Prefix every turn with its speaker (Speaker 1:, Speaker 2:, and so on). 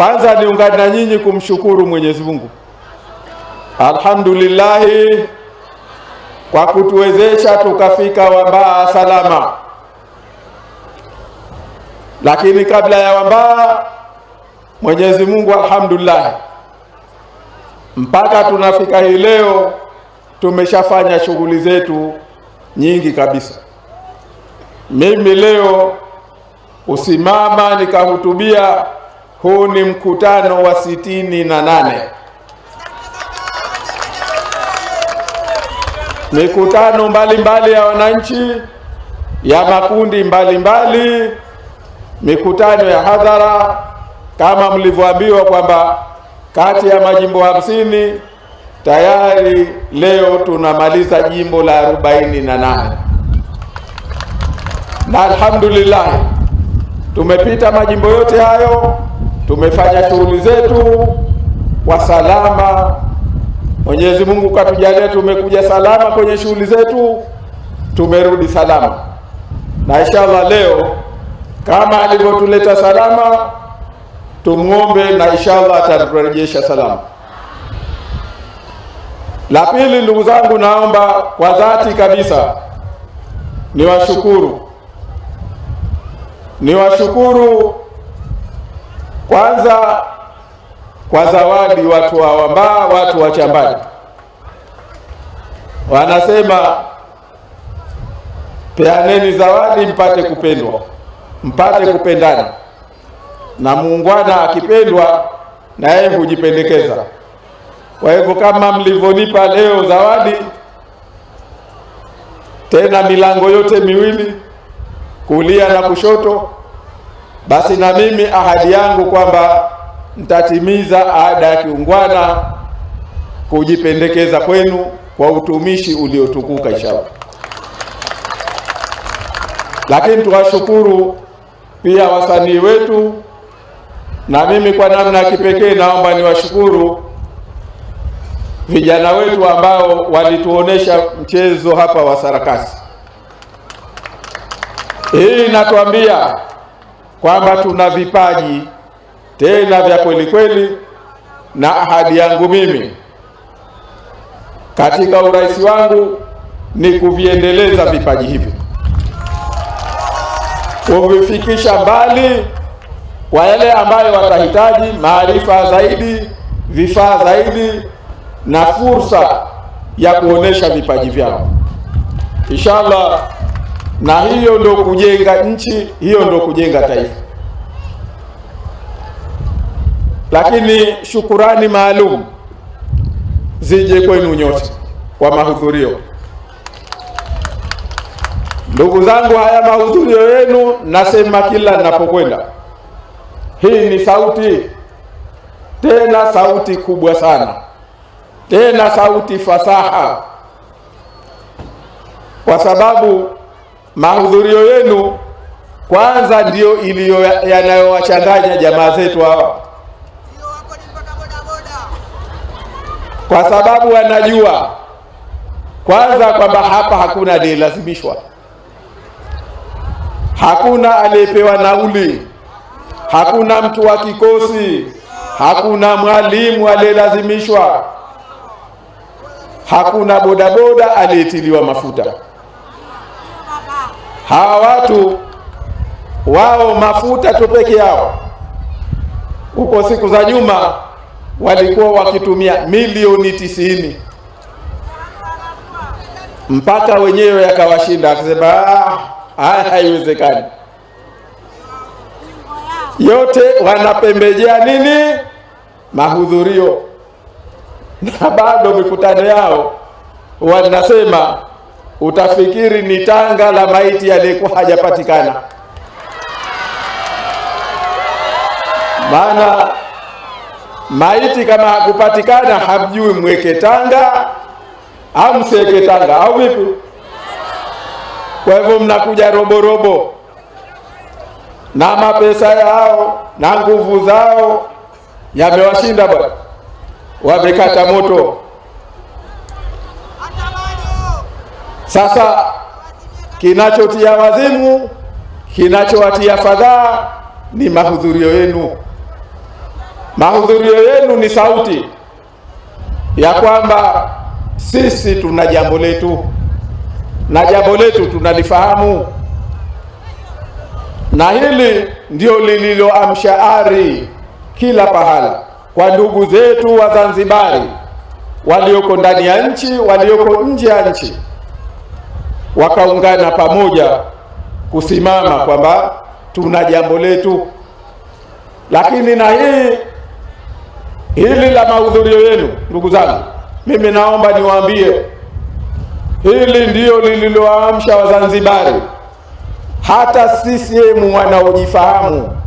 Speaker 1: Kwanza niungane na nyinyi kumshukuru Mwenyezi Mungu alhamdulillahi kwa kutuwezesha tukafika Wambaa salama. Lakini kabla ya Wambaa, Mwenyezi Mungu alhamdulillahi, mpaka tunafika hii leo tumeshafanya shughuli zetu nyingi kabisa. Mimi leo kusimama nikahutubia huu ni mkutano wa sitini na nane. Mikutano mbalimbali mbali ya wananchi ya makundi mbalimbali mbali, mikutano ya hadhara kama mlivyoambiwa kwamba kati ya majimbo hamsini tayari leo tunamaliza jimbo la arobaini na nane na alhamdulillah tumepita majimbo yote hayo tumefanya shughuli zetu kwa salama. Mwenyezi Mungu katujalia, tumekuja salama kwenye shughuli zetu, tumerudi salama, na inshallah leo kama alivyotuleta salama, tumwombe na inshallah atarejesha salama. La pili, ndugu zangu, naomba kwa dhati kabisa niwashukuru niwashukuru kwanza kwa zawadi, watu wa Wambaa, watu wa Chambani wanasema peaneni zawadi mpate kupendwa, mpate kupendana, na muungwana akipendwa na yeye hujipendekeza. Kwa hivyo kama mlivyonipa leo zawadi, tena milango yote miwili, kulia na kushoto basi na mimi ahadi yangu kwamba nitatimiza ada ya kiungwana kujipendekeza kwenu kwa utumishi uliotukuka inshallah. Lakini tuwashukuru pia wasanii wetu, na mimi kwa namna ya kipekee naomba niwashukuru vijana wetu ambao walituonesha mchezo hapa wa sarakasi. Hii inatuambia kwamba tuna vipaji tena vya kweli kweli, na ahadi yangu mimi katika urais wangu ni kuviendeleza vipaji hivi, kuvifikisha mbali kwa yale ambayo watahitaji maarifa zaidi, vifaa zaidi na fursa ya kuonesha vipaji vyao, inshallah na hiyo ndo kujenga nchi, hiyo ndo kujenga taifa. Lakini shukurani maalum zije kwenu nyote kwa mahudhurio. Ndugu zangu, haya mahudhurio yenu nasema kila ninapokwenda, hii ni sauti tena, sauti kubwa sana, tena sauti fasaha, kwa sababu mahudhurio yenu kwanza ndiyo iliyo yanayowachanganya jamaa zetu hawa, kwa sababu wanajua kwanza kwamba hapa hakuna aliyelazimishwa, hakuna aliyepewa nauli, hakuna mtu wa kikosi, hakuna mwalimu aliyelazimishwa, hakuna bodaboda aliyetiliwa mafuta hawa watu wao mafuta tu peke yao, huko siku za nyuma walikuwa wakitumia milioni tisini mpaka wenyewe akawashinda akasema ah, haya, haiwezekani. Yote wanapembejea nini? Mahudhurio, na bado mikutano yao wanasema utafikiri ni tanga la maiti aliyekuwa hajapatikana. Maana maiti kama hakupatikana, hamjui mweke tanga au msiweke tanga au vipi? Kwa hivyo mnakuja roborobo robo, na mapesa yao na nguvu zao yamewashinda bwana, wamekata moto. Sasa kinachotia wazimu, kinachowatia fadhaa ni mahudhurio yenu. Mahudhurio yenu ni sauti ya kwamba sisi tuna jambo letu na jambo letu tunalifahamu, na hili ndio lililoamsha ari kila pahala kwa ndugu zetu Wazanzibari walioko ndani ya nchi, walioko nje ya nchi wakaungana pamoja kusimama kwamba tuna jambo letu, lakini na hii hili la mahudhurio yenu, ndugu zangu, mimi naomba niwaambie hili ndiyo lililoamsha Wazanzibari, hata CCM wanaojifahamu